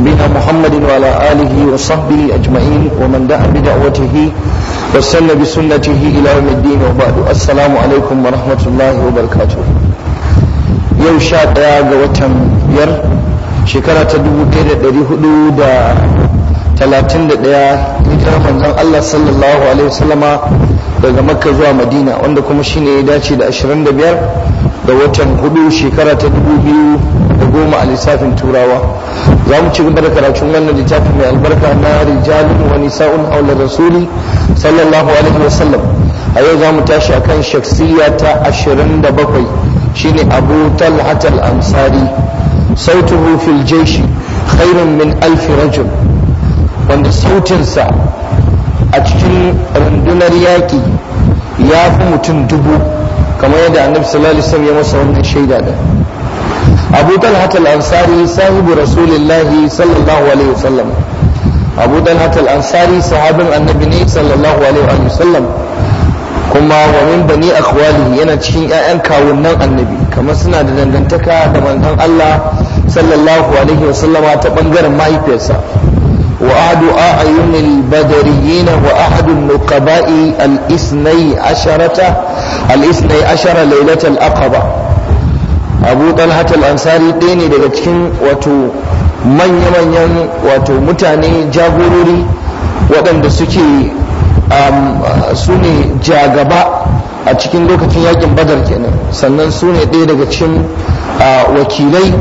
نبينا محمد وعلى آله وصحبه أجمعين ومن دعا بدعوته وسن بسنته إلى يوم الدين وبعد السلام عليكم ورحمة الله وبركاته yau sha ɗaya ga watan biyar shekara ta dubu ɗaya da ɗari hudu da talatin da ɗaya hijirar Allah sallallahu alaihi daga makka zuwa madina wanda kuma shine ya dace da ashirin da biyar da watan hudu shekara ta dubu biyu da goma a lissafin turawa za mu ci gaba da karatun wannan littafin mai albarka na rijalun wani sa'un haula rasuli sallallahu alaihi wasallam a yau za mu tashi akan shaksiya ta 27 shine abu talhat al-ansari sautuhu fil jaishi khairun min alfi rajul wanda sautinsa a cikin rundunar yaƙi ya fi mutum dubu kamar yadda annabi sallallahu alaihi wasallam ya masa wannan shaida da abu talhat al-ansari sahibu rasulillahi sallallahu alaihi wasallam abu talhat al-ansari sahabin annabi ne sallallahu alaihi wasallam kuma wa min bani akwali yana cikin 'ya'yan kawunan annabi kamar suna da dangantaka da manzon Allah sallallahu alaihi wasallam ta bangaren mahaifiyarsa wa ahadu a'yunil badariyin wa ahadu nuqaba'i al-isnai asharata al-isnai ashara laylatal aqaba abu talhatal ansari ɗaya ne daga cikin wato manya-manyan wato mutane jagorori waɗanda suke um, su ne jagaba a cikin lokacin yakin badar kenan sannan su ne ɗaya daga cikin uh, wakilai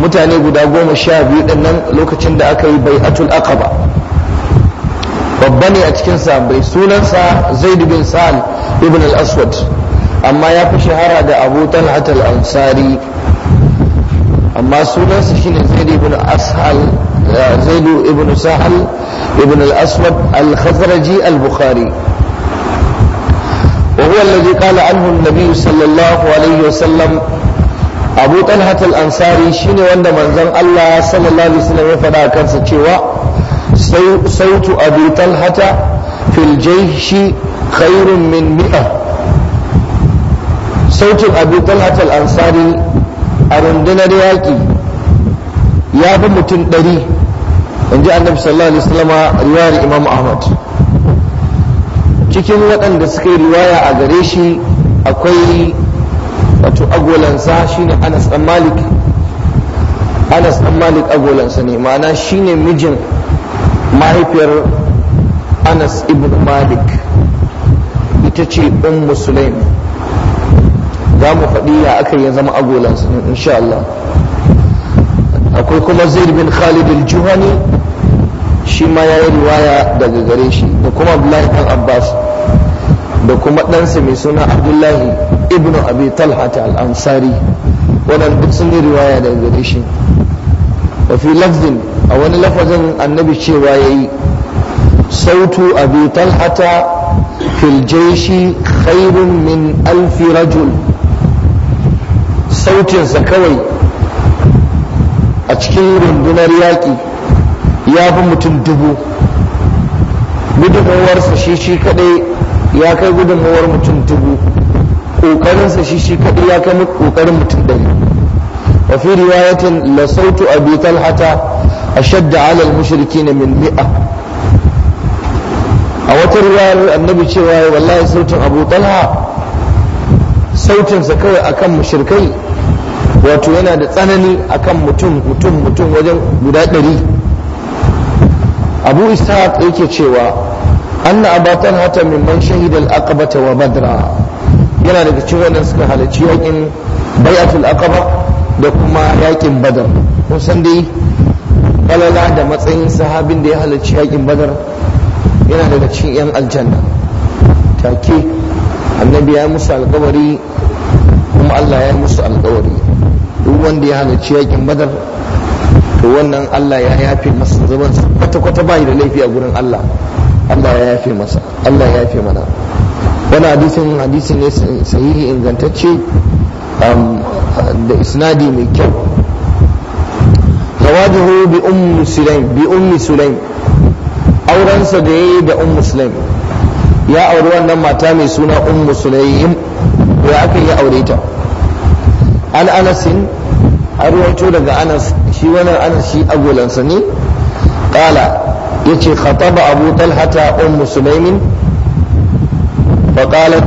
mutane guda goma sha biyu ɗannan lokacin da aka yi bai bai'atul ba babba ne a cikin bai sunansa zaid bin sa'al ibn al-aswad amma ya fi shahara da abu talhat al-ansari amma sunansa shine Zaidu ibn ashal Zaidu ibn sahal ibn al-aswad al-khazraji al-bukhari وهو الذي قال عنه النبي صلى الله عليه وسلم abu talhat al-ansari wanda manzon Allah sallallahu alaihi wasallam ya faɗa kansa cewa sautu abu talhata fil jayshi khairun min sautin abu talhatal ansari a rundunar yaƙi ya fi mutum ɗari in ji annabi sallallahu alaihi wasallama riwayar imam ahmad cikin waɗanda suka yi riwaya a gare shi akwai wato agolansa shine anas dan malik anas dan malik agolansa ne ma'ana shine mijin mahaifiyar anas ibn malik ita ce ɗan musulmi za mu faɗi ya aka ya zama agolansu insha Allah akwai kuma zaid bin khalid al-juhani shi ma ya yi riwaya daga gare shi da kuma abdullahi dan abbas da kuma ɗansa mai suna abdullahi ibn abi talhata al-ansari waɗanda duk sun yi riwaya daga gare shi da fi lafzin a wani lafazin annabi cewa ya yi sautu abi talhata fil jaishi khairun min alfi rajul sautinsa kawai a cikin rundunar yaƙi ya fi mutum dubu gudunmawarsa shi shi kaɗai ya kai gudunmawar mutum dubu ƙoƙarinsa shi shi kaɗai ya kai ƙoƙarin mutum ɗari wa fi riwayatin la sautu abi talhata ashadda ala al-mushrikeena min mi'a a wata riwayar annabi cewa wallahi sautin abu talha sautin sa kawai akan mushirkai wato yana da tsanani akan mutum mutum mutum wajen guda ɗari abu ishaq yake cewa anna abatan hata min man shahidal aqabata wa badra yana daga cikin wannan suka halarci yakin bai'atul aqaba da kuma yakin badar kun san dai alala da matsayin sahabin da ya halarci yakin badar yana daga cikin yan aljanna take annabi ya musu alkawari kuma Allah ya musu alkawari duk wanda ya halarci yakin badar to wannan Allah ya yafe masa zaman kwata kwata bai da laifi a gurin Allah Allah ya yafe masa Allah ya yafe mana wani hadisin hadisi ne sahihi ingantacce um, da isnadi mai kyau zawajuhu bi ummi sulaim bi ummi sulaim aurensa da yayi da ummu sulaim ya auri wannan mata mai suna ummu sulaim ya aka yi aure ta an anasin an ruwaito daga anas shi wannan anas shi agolansa ne kala ya ce khataba abu talhata un musulmin faƙalar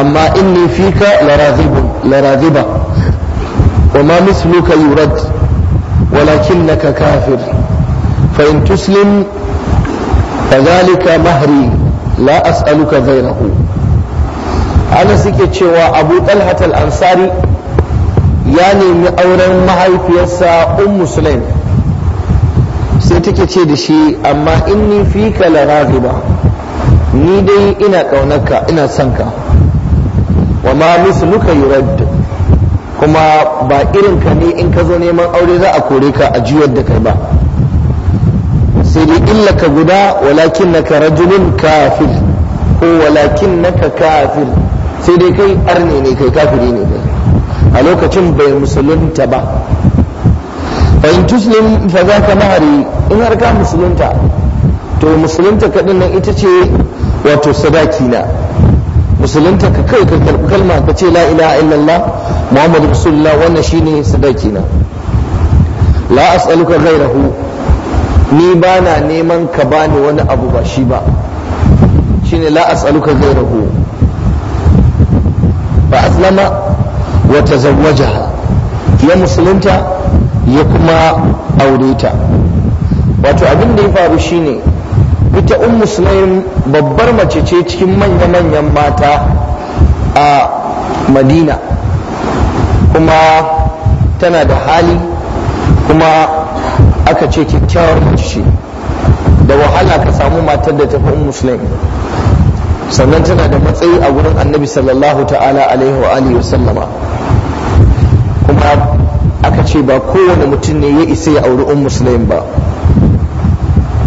amma inni fika laraziba wa ma misluka ولكنك كافر فإن تسلم فذلك مهري لا أسألك غيره أنا سكت شوى أبو طلحة الأنصاري ya nemi auren mahaifiyarsa Un umm musulun sai take ce da shi amma inni fika la ba. ni dai ina ƙaunarka ina son ka wa ma yi yurad kuma ba irin ka ne in ka zo neman aure za a kore ka a juyar da kai ba sai dai illa ka guda walakin naka rajulun kafir ko walakin naka kafir sai dai kai arne ne kai kafiri ne kai a lokacin bai musulunta ba fa in tuslim fa zaka mahari in har ka musulunta to musulunta kadin nan ita ce wato sadaki na musulunta ka kai ka karɓi kalma ka ce la ilaha illallah muhammadu rasulullah wannan shine sadaki na la as'aluka ghairahu ni ba na neman ka bani wani abu ba shi ba shine la as'aluka ghairahu ba aslama wa tazawwajaha ya musulunta ya kuma aure wato abin da ya faru shine ita um musulmin babbar mace ce cikin manya-manyan mata a madina kuma tana da hali kuma aka ce kyakkyawar mace ce da wahala ka samu matar da tafi um musulmin sannan tana da matsayi a wurin annabi sallallahu ta'ala alaihi wa ma aka ce ba kowane mutum ne ya isa ya auri un musulmi ba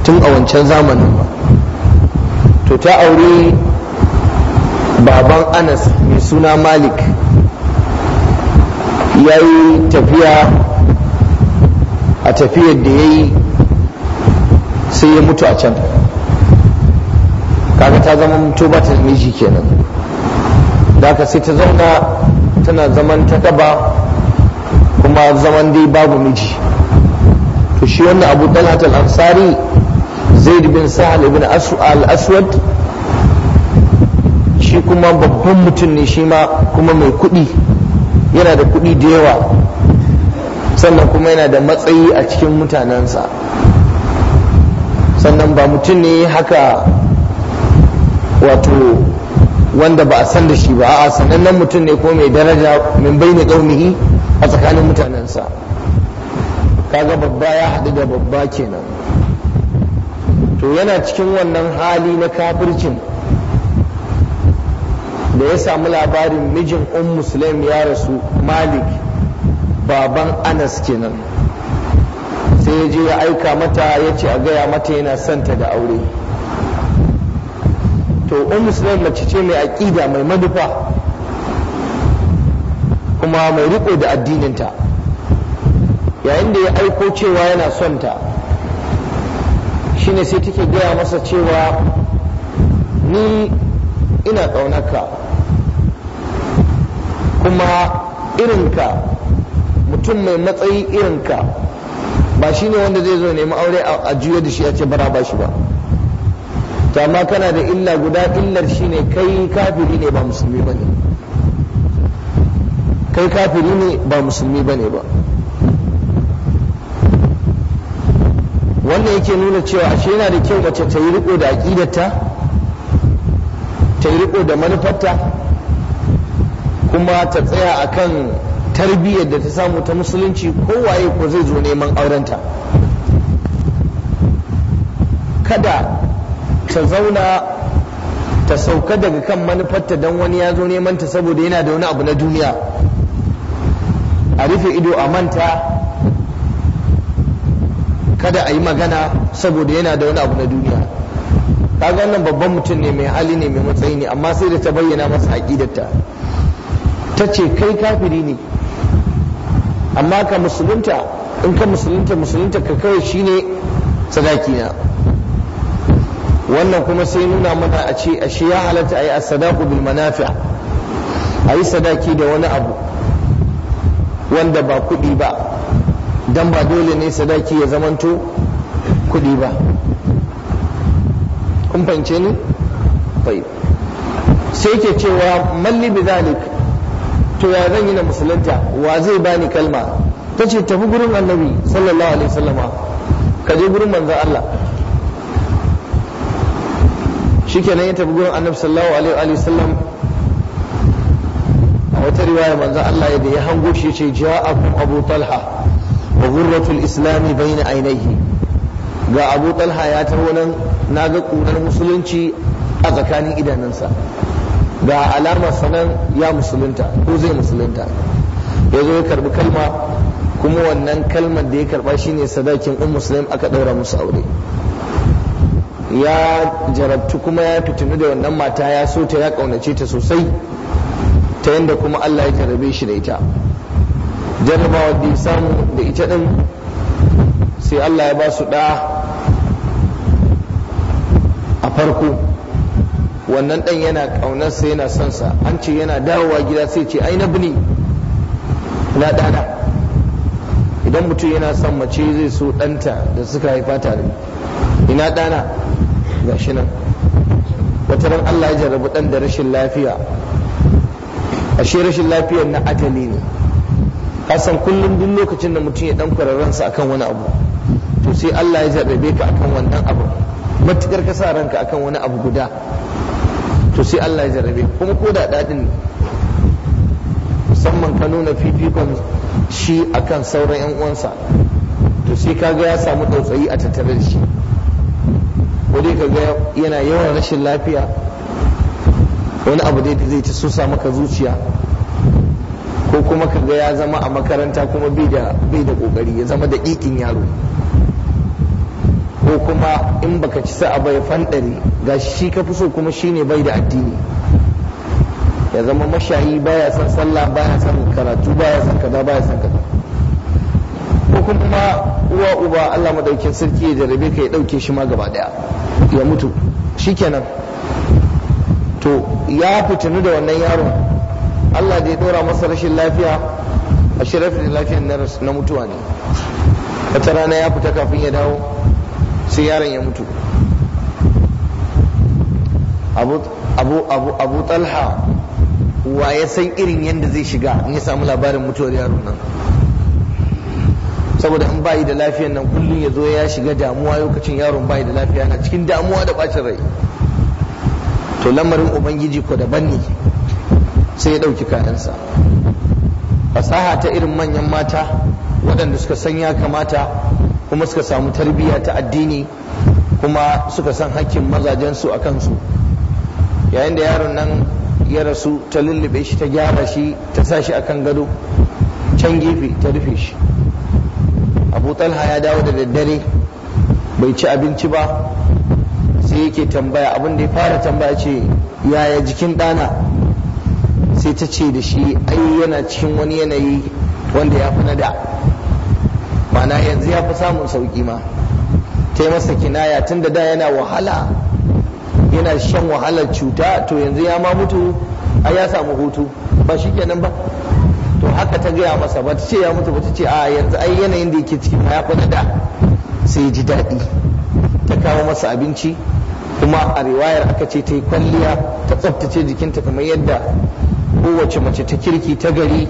tun a wancan zamanin ba to ta auri baban anas mai suna malik ya yi tafiya a tafiyar da ya yi sai ya mutu a can kaga ta zama mutu ba ta miji kenan da sai ta zauna tana zaman ta daba kuma zaman dai babu miji to shi wannan abu talhat al-ansari zaid bin sahal ibn al-aswad shi kuma babban mutum ne shi ma kuma mai kuɗi yana da kuɗi da yawa sannan kuma yana da matsayi a cikin mutanensa sannan ba mutum ne haka wato wanda ba a san da shi ba a sanannen mutum ne ko mai daraja min bai ne ƙaunihi a tsakanin mutanensa kaga babba ya haɗu da babba kenan to yana cikin wannan hali na kafircin da ya samu labarin mijin un umm musulmi ya rasu malik baban anas kenan sai ya je ya aika mata ya ce a gaya mata yana santa da aure to un umm musulmi mace ce mai aƙida mai madufa kuma mai riko da addininta yayin da ya aiko cewa yana son ta shine sai take gaya masa cewa ni ina ƙaunarka kuma irinka mutum mai matsayi irinka ba shi ne wanda zai zo nemi aure a juya da shi ya ce bara ba shi ba Ta ma kana da illa guda illar shi ne kai kafiri ne ba musulmi ba ne kai kafiri ne ba musulmi ba ne ba wannan yake nuna cewa ashe yana da kyau mace ta yi riko da aƙidarta ta yi riko da manufarta kuma ta tsaya a kan tarbiyyar da ta samu ta musulunci kowaye ko zai zo neman aurenta kada ta zauna ta sauka daga kan manufarta don wani ya zo neman ta saboda yana da wani abu na duniya a rufe ido a manta kada a yi magana saboda yana da wani abu na duniya kaga wannan babban mutum ne mai hali ne mai matsayi ne amma sai da ta bayyana masa aƙidarta ta ce kai kafiri ne amma ka musulunta in ka musulunta musulunta ka kawai shine sadaki na wannan kuma sai nuna mana a ce ashe ya halatta a yi a sadaku bil manafi a yi sadaki da wani abu wanda ba kuɗi ba don ba dole ne sadaki ya zamanto kuɗi ba kun fahimce ni bai sai ke cewa malli bi zalik to ya zan yi na musulunta wa zai bani kalma ta ce tafi gurin annabi sallallahu alaihi wasallama ka je gurin manzon Allah shi nan ya tafi gurin annabi sallallahu alaihi wasallam wata riwaya manzo Allah da ya hango shi ce ja'akum Abu Talha wa ghurratul islam bayna ainihi ga Abu Talha ya taho nan naga ƙunar musulunci a tsakanin idanunsa ga alamar sanan ya musulunta ko zai musulunta ya zo ya karbi kalma kuma wannan kalmar da ya karba shine sadakin um muslim aka ɗaura musu aure ya jarabtu kuma ya fitinu da wannan mata ya so ta ya ƙaunace ta sosai ta yadda kuma Allah ya jarrabe shi da ita jarrabawa da samu da ita din sai Allah ya ba su ɗa a farko wannan ɗan yana kaunarsa yana son sa an ce yana dawowa gida sai ce ai na bini na ɗana idan mutum yana son mace zai so danta da suka haifa tare ina ɗana gashi nan wata ran Allah ya jarrabu ɗan da rashin lafiya ashe rashin lafiyar na akali ne kasan kullum duk lokacin da mutum ya dan kwararransa akan wani abu to sai Allah ya jarrabe ka akan wannan abu matukar ka sa ranka akan wani abu guda to sai Allah ya jarrabe kuma ko da dadin musamman ka nuna fifikon shi akan sauran yan uwansa to sai ga ya samu tsautsayi a tattare da shi Wani kaga yana yawan rashin lafiya wani abu dai da zai ta sosa maka zuciya ko kuma ka ga ya zama a makaranta kuma bai da kokari ya zama da ikin yaro ko kuma in baka ci sa'a bai fanɗari, fandare ga shi ka fi so kuma shi ne bai da addini ya zama mashayi baya son sallah baya son karatu baya son kaza baya son kaza ko kuma uwa uba Allah madaukin sarki ya rabe ka ya dauke shi ma gaba daya ya mutu shikenan to ya fitinu da wannan yaron Allah da ya dora masa rashin lafiya a shirafin lafiyan na mutuwa ne wata rana ya fita kafin ya dawo sai yaron ya mutu abu talha wa ya san irin yadda zai shiga in ya samu labarin mutuwar yaron nan saboda in bayi da lafiyan nan kullum ya zo ya shiga damuwa lokacin yaron bayi da lafiya na cikin damuwa da bacin rai to lamarin ubangiji ko daban ne sai ya ɗauki kayansa fasaha ta irin manyan mata waɗanda suka san ya kamata kuma suka samu tarbiyya ta addini kuma suka san hakkin mazajensu a kansu yayin da yaron nan ya rasu ta lullube shi ta gyara shi ta sa shi akan gado can gefe ta rufe shi abu talha ya dawo da daddare bai ci abinci ba sai yake tambaya abin da ya fara tambaya ce yaya jikin ɗana sai ta ce da shi ai yana cikin wani yanayi wanda ya fi na da mana yanzu ya fi samun sauƙi ma ta yi masa kinaya tun da da yana wahala yana shan wahalar cuta to yanzu ya ma mutu a ya samu hutu ba shi kenan ba to haka ta gaya masa ba ta ce ya mutu ba ta ce a yanzu ai yanayin da yake cikin ya fi na da sai ji daɗi ta kawo masa abinci kuma a riwayar aka ce ta yi kwalliya ta tsabtace jikinta kamar yadda kowace mace ta kirki ta gari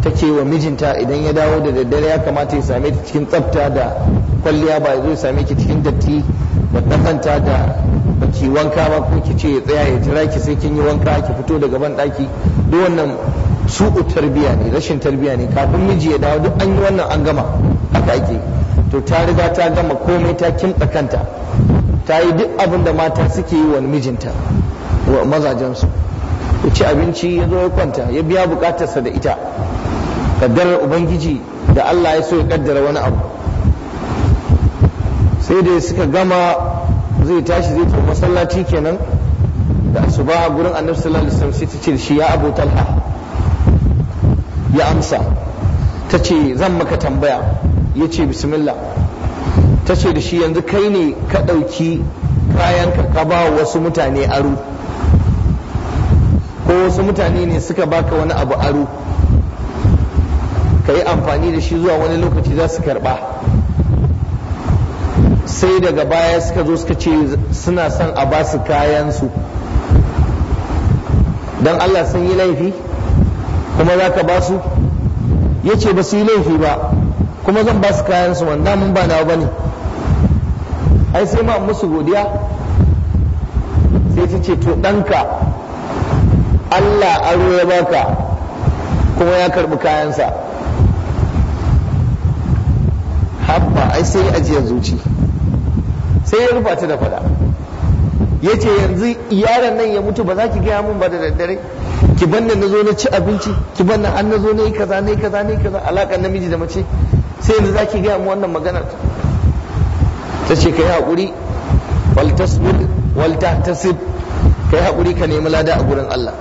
ta ke wa mijinta idan ya dawo da daddare ya kamata ya same ta cikin tsafta da kwalliya ba ya zo ya same ki cikin datti ba kazanta da baki wanka ba ko ki ce ya tsaya ya jira ki sai kin yi wanka ki fito daga ban daki duk wannan su'u tarbiya ne rashin tarbiya ne kafin miji ya dawo duk an yi wannan an gama haka ake to ta riga ta gama komai ta kimtsa kanta ta yi duk abin da mata suke yi wa mijinta wa mazajensu ya ci abinci ya zo ya kwanta ya biya bukatarsa da ita kaddarar ubangiji da Allah ya so ya kaddara wani abu sai da suka gama zai tashi zai tafi masallaci kenan da su ba gurin annabi sallallahu alaihi wasallam sai ta ce shi ya abu talha ya amsa ta ce zan maka tambaya ya ce bismillah ta ce da shi yanzu kai ne ka ɗauki kayan ka ba wasu mutane aro ko wasu mutane ne suka baka wani abu aro ka yi amfani da shi zuwa wani lokaci za su karɓa sai daga baya suka zo suka ce suna son a ba su kayansu don allah sun yi laifi kuma za ka ba su ya ce ba su yi laifi ba kuma zan ba su kayansu wanda mun ba na ba ne ai sai ma musu godiya sai ta ce to ɗanka Allah aro ya baka kuma ya karɓi kayansa habba ai sai ajiyar zuci sai ya rufa ta da fada ya ce yanzu yaron nan ya mutu ba za ki gaya mun ba da daddare ki banna na zo na ci abinci ki banna an na zo na yi kaza na yi kaza na yi kaza alaƙar namiji da mace sai yanzu za ki gaya mu wannan maganar ta ce ka yi haƙuri waltasbir waltahtasib ka yi haƙuri ka nemi lada a gurin Allah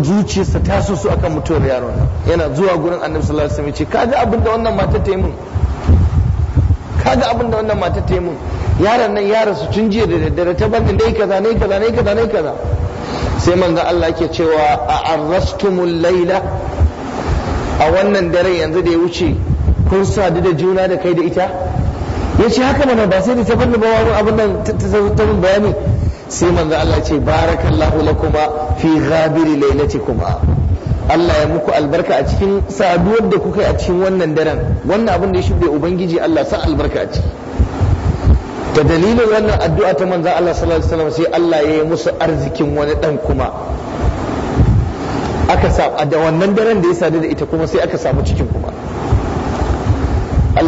zuciyarsa ta so su akan mutuwar yaron yana zuwa gurin annabi sallallahu alaihi wasallam ce kaga abin da wannan mata ta yi min kaga abin da wannan mata ta yi min yaron nan ya rasu tun jiya da daddare ta bani dai kaza ne kaza ne kaza ne kaza sai manzo Allah yake cewa a arrastumul Layla, a wannan daren yanzu da ya wuce kun sadu da juna da kai da ita ya ce haka mana ba sai da ta fanni ba abin nan ta min bayani sai manzo Allah ce barakallahu lakuma fi ghabiri kuma. Allah ya muku albarka a cikin saduwar da kuka yi a cikin wannan daren wannan abin da ya shuɗe ubangiji Allah sa albarka a ciki da dalilin wannan addu'a ta manzo Allah sallallahu alaihi wasallam sai Allah ya yi musu arzikin wani dan kuma aka sa da wannan daren da ya sadu da ita kuma sai aka samu cikin kuma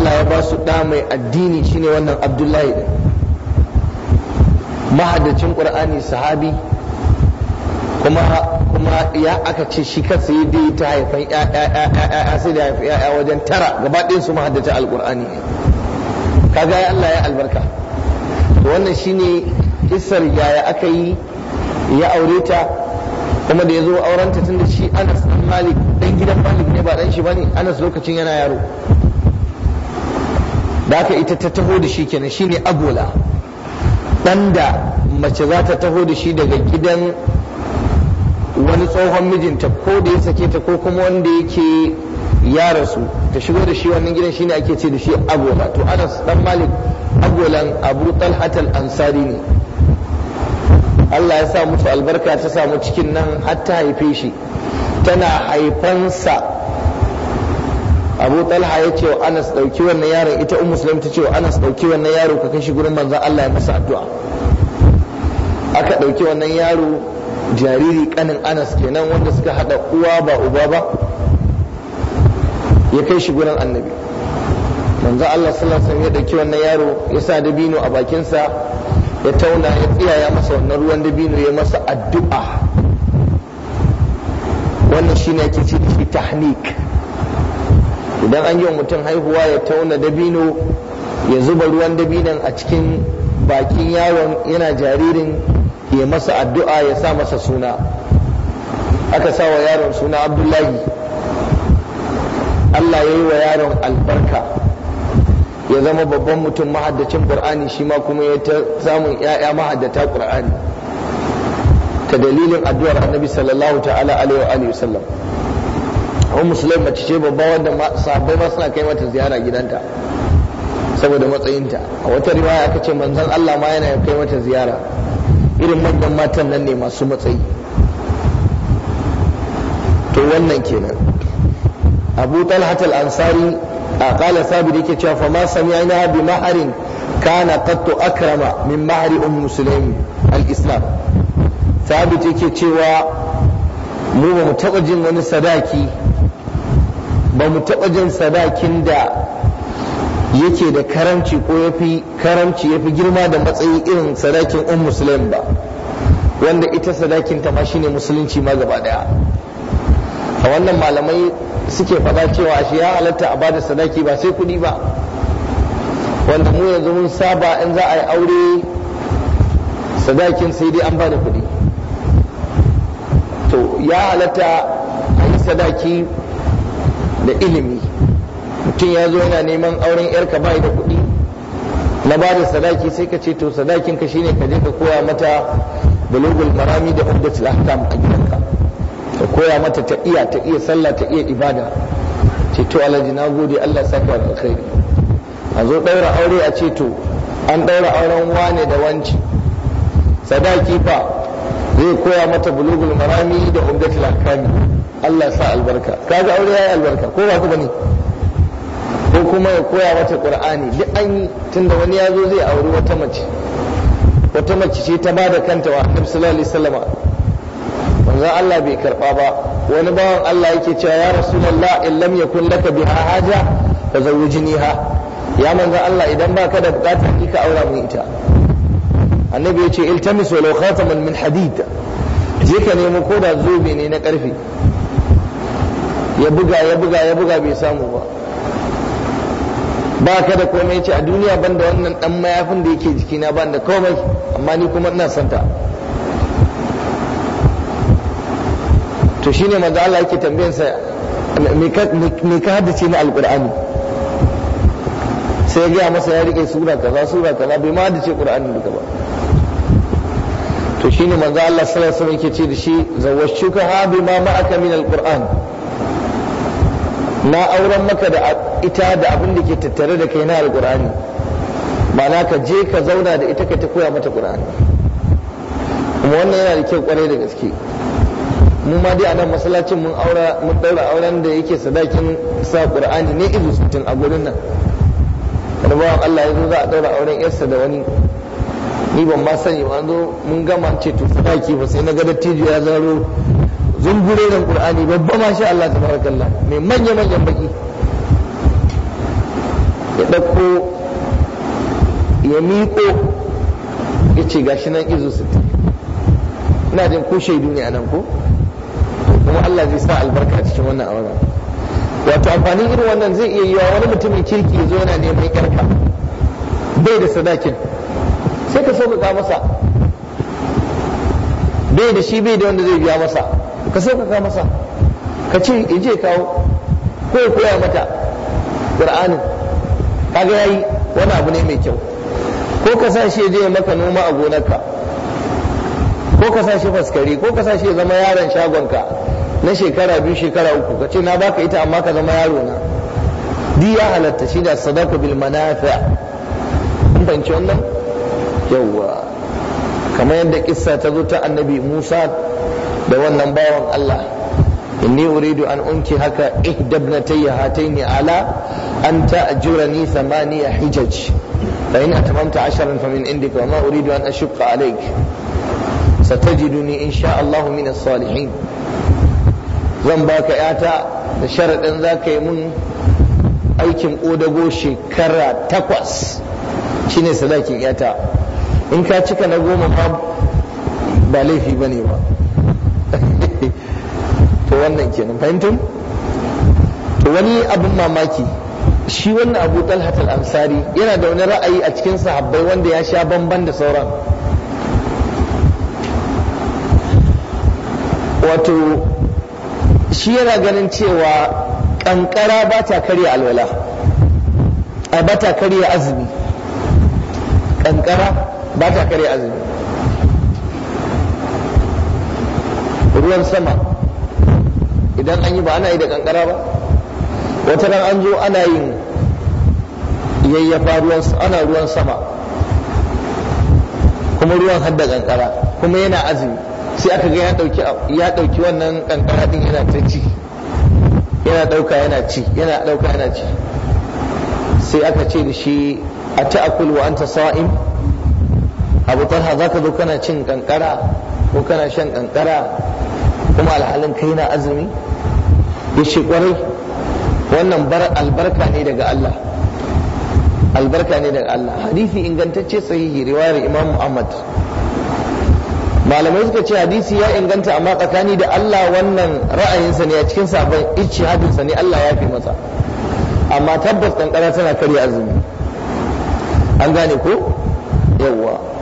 Allah ya ba su ɗa mai addini shine wannan abdullahi ɗin mahaddacin ƙur'ani sahabi kuma ya aka ce shi kansa ya dai ta haifan ya sai da haifi ya wajen tara gaba su mahadacin alƙur'ani kaga ya Allah ya albarka wannan shine isar yaya aka yi ya aure ta kuma da ya zo aurenta tun da shi Anas ɗan Malik ɗan gidan Malik ne ba ɗan shi bane Anas lokacin yana yaro da aka ita ta taho da shi kenan shine agola ɗan da mace za ta taho da shi daga gidan wani tsohon mijinta ko da ya sake ta ko kuma wanda yake ya rasu ta shigo da shi wannan gidan shine ake ce da shi agola to anas dan malik agolan abu talhatal ansari ne Allah ya sa mutu albarka ta samu cikin nan har ta haife shi tana haifansa abu talha ya ce wa anas ɗauki wannan yaro ita un musulmi ta ce wa anas ɗauki wannan yaro ka kai shi gurin manzan allah ya masa addu'a aka ɗauki wannan yaro jariri kanin anas kenan wanda suka haɗa uwa ba uba ba ya kai shi gurin annabi manzan allah sallallahu alaihi ya ɗauki wannan yaro ya sa dabino a bakinsa ya tauna ya tsiyaya masa wannan ruwan dabino ya masa addu'a wannan shine ake ce da shi tahnik idan an yi wa mutum haihuwa ya tauna dabino ya zuba ruwan dabinon a cikin bakin yawon yana jaririn ya masa addu'a ya sa masa suna aka sa wa yaron suna abdullahi allah ya yi wa yaron albarka ya zama babban mutum mahaddacin qur'ani shi ma kuma ya ta samun 'ya'ya mahaddata qur'ani ta dalilin addu'ar annabi sallallahu ta'ala alaihi wa sallam ummu sulaim mace ce babba wadda sabai ma suna kai mata ziyara gidanta saboda matsayinta a wata riwaya aka ce manzon Allah ma yana kai mata ziyara irin manyan matan nan ne masu matsayi to wannan kenan abu talhat ansari a kala sabi da yake cewa fa ma sami'na bi maharin kana qattu akrama min mahari um muslim al-islam sabit yake cewa mu ba mu taba jin wani sadaki ba mu taɓa jin sadakin da yake da karamci ko yafi karamci yafi girma da matsayi irin sadakin un umm musulun ba wanda ita sadakin ta ma shine musulunci ma gaba daya a wannan malamai suke faɗa cewa shi ya halatta a bada sadaki ba sai kuɗi ba wanda mu yanzu mun saba in za a yi aure sadakin sai dai an bada kuɗi to ya halatta a yi sadaki da ilimi mutum ya zo yana neman auren yarka bai da kuɗi na ba da sadaki sai ka ce to sadakin ka shine ka je ka koya mata bulugul marami da ubdatul ahkam a gidanka ka koya mata ta iya ta iya sallah ta iya ibada ce to alhaji na gode Allah ya saka alkhairi a zo daura aure a ce to an daura auren wane da wanci sadaki fa zai koya mata bulugul marami da umdatul ahkami Allah sa albarka kaga aure yayi albarka ko ba ku bane ko kuma ya koya mata qur'ani duk an yi tunda wani yazo zai auri wata mace wata mace ce ta bada kanta wa Annabi sallallahu alaihi wasallam wanda Allah bai karba ba wani bawan Allah yake cewa ya rasulullah in lam yakun laka biha haja fa zawwijniha ya manzon Allah idan baka da bukata ki ka aura mu ita annabi ya ce iltamis walau khataman min hadid je ka nemo ko da zobe ne na karfe ya buga ya buga ya buga bai samu ba ba ka da komai ce a duniya ban da wannan dan mayafin da yake jikina ban da komai amma ni kuma ina santa to shine manzo Allah yake tambayan sa me ka haddace na alqur'ani sai ya gaya masa ya rike sura kaza sura kaza bai ma haddace qur'ani duka ba to ne maza Allah sallallahu alaihi wasallam yake ce da shi zawashuka ha ma ma'aka min alquran na auren maka da ita da abin da ke tattare da kai na alqurani ma'ana ka je ka zauna da ita ka ta koya mata qur'ani kuma wannan yana da kyau kwarai da gaske mu ma dai a nan masallacin mun aura mun daura auren da yake sadakin sa qur'ani ne ibu sittin a gurin nan Allah ya zo za a daura auren yarsa da wani ni ban ma sani ba zo mun gama ce to sadaki ba sai na ga dattijo ya zaro zungure da qur'ani babba ma sha Allah tabarakallah mai manya manyan baki ya dauko ya miƙo ya ce gashi nan izo 60 ina jin ko shaidu ne anan ko kuma Allah zai sa albarka cikin wannan auren wato amfani irin wannan zai iya yiwa wani mutumin kirki ya zo yana neman yarka bai da sadakin sai ka sauƙaƙa masa bai da shi bai da wanda zai biya masa ka sauƙaƙa masa ka ce in je kawo ko ya koya mata ƙur'anin kaga yi wani abu ne mai kyau ko ka sa shi je maka noma a gonarka ko ka sa shi faskari ko ka sa shi zama yaron shagonka na shekara biyu shekara uku ka ce na baka ita amma ka zama yaro na di ya halatta shi da sadaka bil manafi in wannan yawwa kamar yadda kissa ta zo ta annabi Musa da wannan bawan Allah inni uridu an unki haka ihdabnatayya hataini ala an ta'jurani thamaniya hijaj fa in atamamta asharan fa min indika wa ma uridu an ashqa alayk satajiduni insha Allah min as-salihin zan baka yata da sharadin zaka yi mun aikin kodago shekara takwas shine sadakin yata in ka cika na goma ma ba laifi ba ne ba to wannan kenan fahimtun to wani abin mamaki shi wannan abu talhat al yana da wani ra'ayi a cikin sahabbai wanda ya sha bamban da sauran wato shi yana ganin cewa kankara ba ta karya alwala a ba ta karya azumi kankara ba ta kare azumi ruwan sama idan an yi ba ana yi da kankara ba wata ran an zo ana yin yayyafa ruwan ana ruwan sama kuma ruwan hadda kankara kuma yana azumi sai aka ga ya dauki wannan kankara din yana ta ci yana dauka yana ci yana dauka yana ci sai aka ce da shi a ta'akul wa anta sa'im abu talha za ka zo kana cin kankara ko kana shan kankara kuma alhalin kai na azumi ya ce kwarai wannan albarka ne daga Allah albarka ne daga Allah hadisi ingantacce sahihi riwayar Imam Ahmad malamai suka ce hadisi ya inganta amma tsakani da Allah wannan ra'ayinsa ne a cikin sabon hadinsa ne Allah ya fi masa amma tabbas kankara tana karya azumi an gane ko yawwa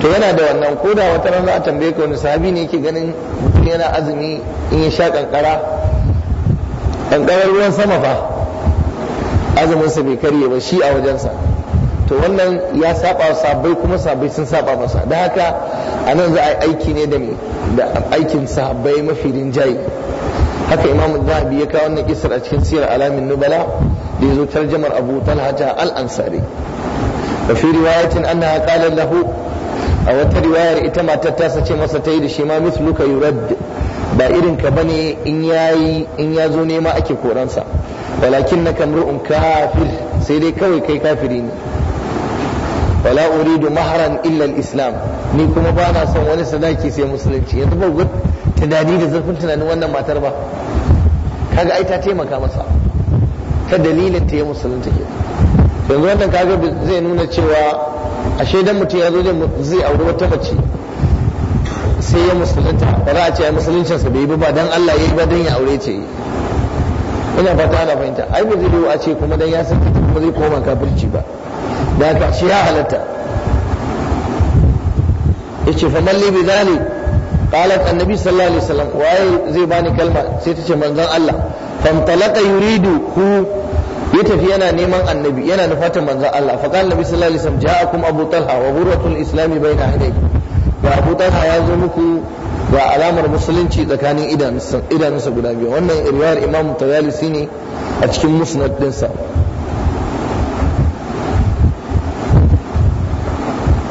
to yana da wannan ko da wata rana a tambaye ka wani sahabi ne yake ganin yana azumi in ya sha kankara kankara ruwan sama fa azuminsa bai karye ba shi a wajensa to wannan ya saba wa sabai kuma sabai sun saba masa da haka a nan za a yi aiki ne da me da aikin sahabbai mafi rinjaye haka imamu zahabi ya kawo wannan kisar a cikin sirar alamin nubala da ya zo tarjamar abu talhata al-ansari wa fi riwayatin annaha qala lahu a wata riwayar ita matar ta sace masa ta yi da shi ma misluka yurad ba irin ka bane in yayi in ya zo nema ake koransa walakin na kamru'un kafir sai dai kawai kai kafiri ne wala uridu mahran illa islam ni kuma ba na son wani sadaki sai musulunci yanzu ba tunani da zurfin tunanin wannan matar ba kaga ai ta taimaka masa ta dalilin ta ya musulunta ke yanzu wannan kaga zai nuna cewa ashe don mutum ya zo zai auri wata mace sai ya musulunta ba za a ce ya musuluncin sa bai yi ba dan Allah ya yi ba dan ya aure ce ina fata ana fahimta ai ba zai a ce kuma dan ya san ta kuma zai koma kafirci ba da haka shi ya halatta ya fa faman bi zalik قالت النبي صلى الله عليه وسلم واي زي باني كلمة سيتش منزل الله فانطلق يريد هو ya tafi yana neman annabi yana nufatan manzon Allah fa qala nabi sallallahu alaihi wasallam ja'akum abu talha wa ghurratul islami baina hadayhi ga abu talha ya zo muku ga alamar musulunci tsakanin idanunsa guda biyu wannan riwayar imam tawalisi ne a cikin musnad dinsa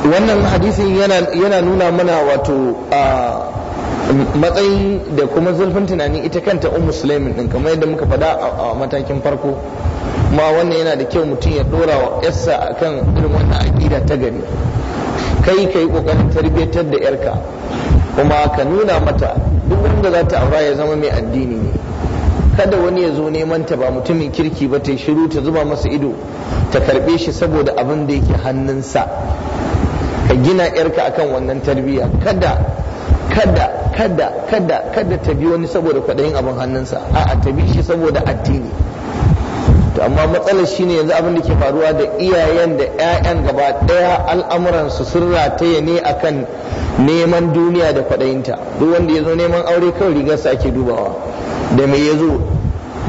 wannan hadisin yana nuna mana wato a ah, matsayi da kuma zurfin tunani ita kanta umu musulmin din kamar yadda muka faɗa a matakin farko ma wannan yana da kyau mutum ya dora wa yarsa akan irin wannan aƙida ta gari kai ka yi ƙoƙarin tarbiyyar da yarka kuma ka nuna mata duk wanda za ta aura ya zama mai addini ne kada wani ya zo neman ta ba mutumin kirki ba ta shiru ta zuba masa ido ta karɓe shi saboda abin da yake hannunsa ka gina yarka akan wannan tarbiyya kada kada kada kada kada ta bi wani saboda kwaɗayin abin hannunsa a'a ta bi shi saboda addini to amma matsalar shine yanzu abin da ke faruwa da iyayen da 'ya'yan gaba ɗaya al'amuransu sun rataye ne akan neman duniya da kwaɗayinta duk wanda ya zo neman aure kawai rigarsa ake dubawa da me ya zo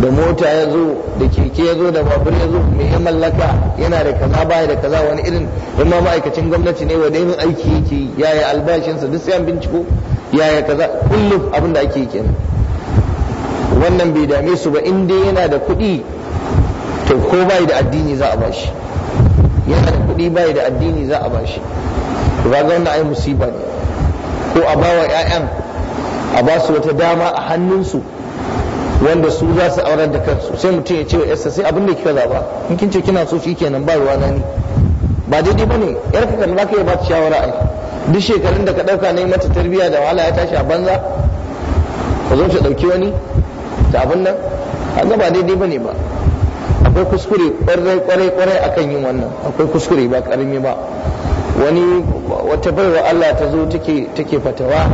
da mota ya zo da keke ya zo da babur ya zo mai ya mallaka yana da kaza baya da kaza wani irin in ma ma'aikacin gwamnati ne wanda irin aiki yake yaya albashinsa duk sai an binciko yaya kaza kullum abin da ake kenan wannan bai dame su ba in dai yana da kuɗi to ko bai da addini za a bashi yana da kuɗi bai da addini za a bashi to ga wannan ai musiba ne ko a bawa 'ya'yan a ba su wata dama a hannunsu su wanda su za su aurar da kansu sai mutum ya ce wa yarsa sai abin da kika zaba in kin ce kina so kenan ba ruwa na ni ba daidai bane yar ka kan zaka yi ba shawara ai duk shekarun da ka dauka ne mata tarbiyya da wahala ya tashi a banza ka zo ta dauki wani ta abin nan kaga ba daidai bane ba akwai kuskure kwarai kwarai kwarai akan yin wannan akwai kuskure ba karami ba wani wata baiwa Allah ta zo take take fatawa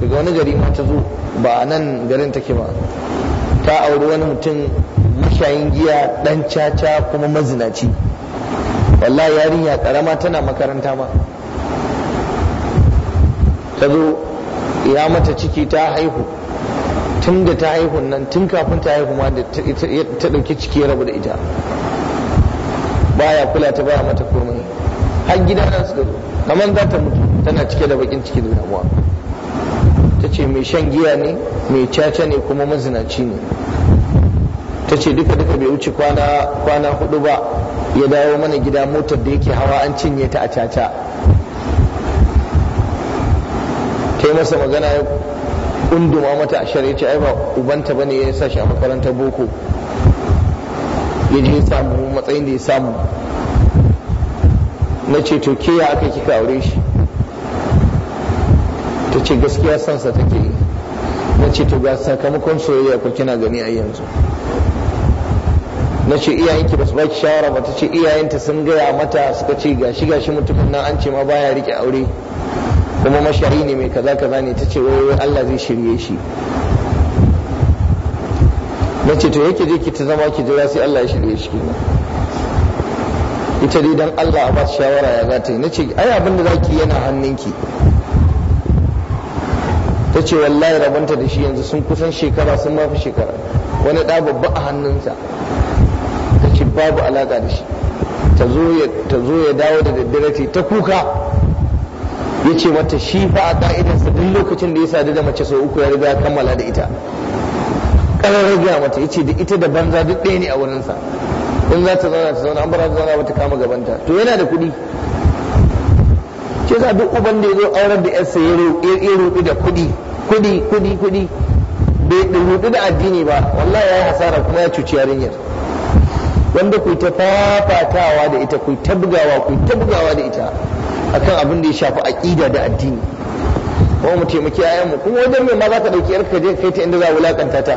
daga wani gari ma ta zo ba nan garin take ba a auri wani mutum mashayin giya dan caca kuma mazinaci wallahi yarinya karama tana makaranta ma ta zo ya mata ciki ta haihu tun da ta haihu nan tun kafin ta haihu ma da ta ɗauki ciki ya rabu da ita baya kula ta baya mata komai har gida nan suka zo kamar za ta mutu tana cike da bakin ciki da damuwa ta ce mai shan giya ne mai caca ne kuma mazinaci ne ta ce duka duka bai wuce kwana hudu ba ya dawo mana gida motar da yake hawa an cinye ta a caca ta yi masa magana ya kunduma mata a shari'a ce ba ubanta bane ya sa shi a makarantar boko ya je samu matsayin da ya samu na ce to ya aka kika aure shi ta ce gaskiya sansa take yi na ce to ga sakamakon soyayya ku kina gani a yanzu na ce iyayenki ba su baki shawara ba ta ce iyayenta sun gaya mata suka ce gashi gashi mutumin nan an ce ma baya rike aure kuma mashari ne mai kaza kaza ne ta ce wai Allah zai shirye shi na ce to yake je ki ta zama ki jira sai Allah ya shirye shi kenan ita dai dan Allah a ba shawara ya za ta yi na ce ai abin da zaki yana hannunki ta ce wallahi rabanta da shi yanzu sun kusan shekara sun mafi shekara wani ɗa babba a hannunsa ta ce babu alaƙa da shi ta zo ya dawo da daddare ta kuka ya ce mata shi fa a ƙa'idarsa duk lokacin da ya sadu da mace sau uku ya riga kammala da ita ƙarar gaya mata ya ce da ita da banza duk ɗaya ne a wurinsa in za ta zauna ta zauna an bar ta zauna ba ta kama gabanta to yana da kuɗi ke za duk uban da ya zo aurar da yarsa ya roƙi da kuɗi kudi kudi kudi bai rudu da addini ba wallahi ya yi hasara kuma ya cuci yarinyar wanda ku ta fafatawa da ita ku ta bugawa ku ta bugawa da ita akan abin da ya shafi aƙida da addini kuma mu taimaki mu kuma wajen mai ma za ka ɗauki yarka je kai ta inda za a wulakanta ta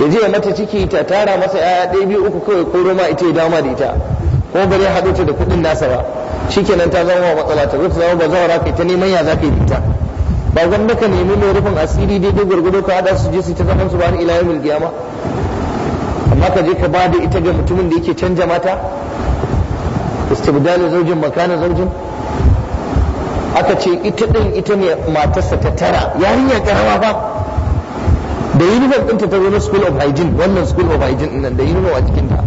ya je mata ciki ta tara masa yaya ɗaya biyu uku kawai ko roma ita ya dama da ita ko bare haɗu ta da kuɗin nasa ba shikenan ta zama matsala ta zo zama ba zawara kai ta neman ya zaka yi ita ba zan maka nemi mai rufin asiri daidai gwargwado ka hada su je su ta zaman su ba ni ila yawmil qiyama amma ka je ka ba da ita ga mutumin da yake canja mata istibdalin zaujin makana zaujin aka ce ita din ita ne matarsa ta tara yarinya karama ba da uniform ɗinta ta zo na school of hygiene wannan school of hygiene ɗin da uniform a cikinta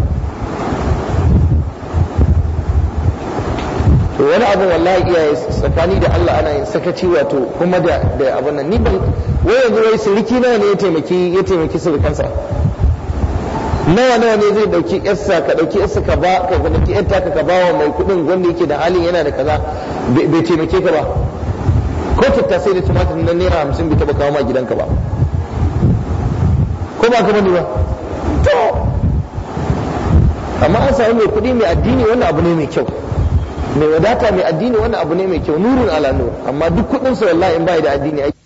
to wani abu wallahi iyaye tsakani da Allah ana yin sakaci wato kuma da da abun nan ni ban wai yanzu wai siriki na ne ya taimaki ya taimaki sirikansa nawa nawa ne zai dauki yarsa ka dauki yarsa ka ba ka dauki yarta ka ba wa mai kudin wanda yake da halin yana da kaza bai taimake ka ba ko sai da tumatir na naira hamsin bai taba kawo ma gidanka ba ko ba ka bani ba to amma an samu mai kudi mai addini wannan abu ne mai kyau mai wadata mai addini wannan abu ne mai kyau nurin ala nur amma duk kudin su wallahi in bai da addini ake.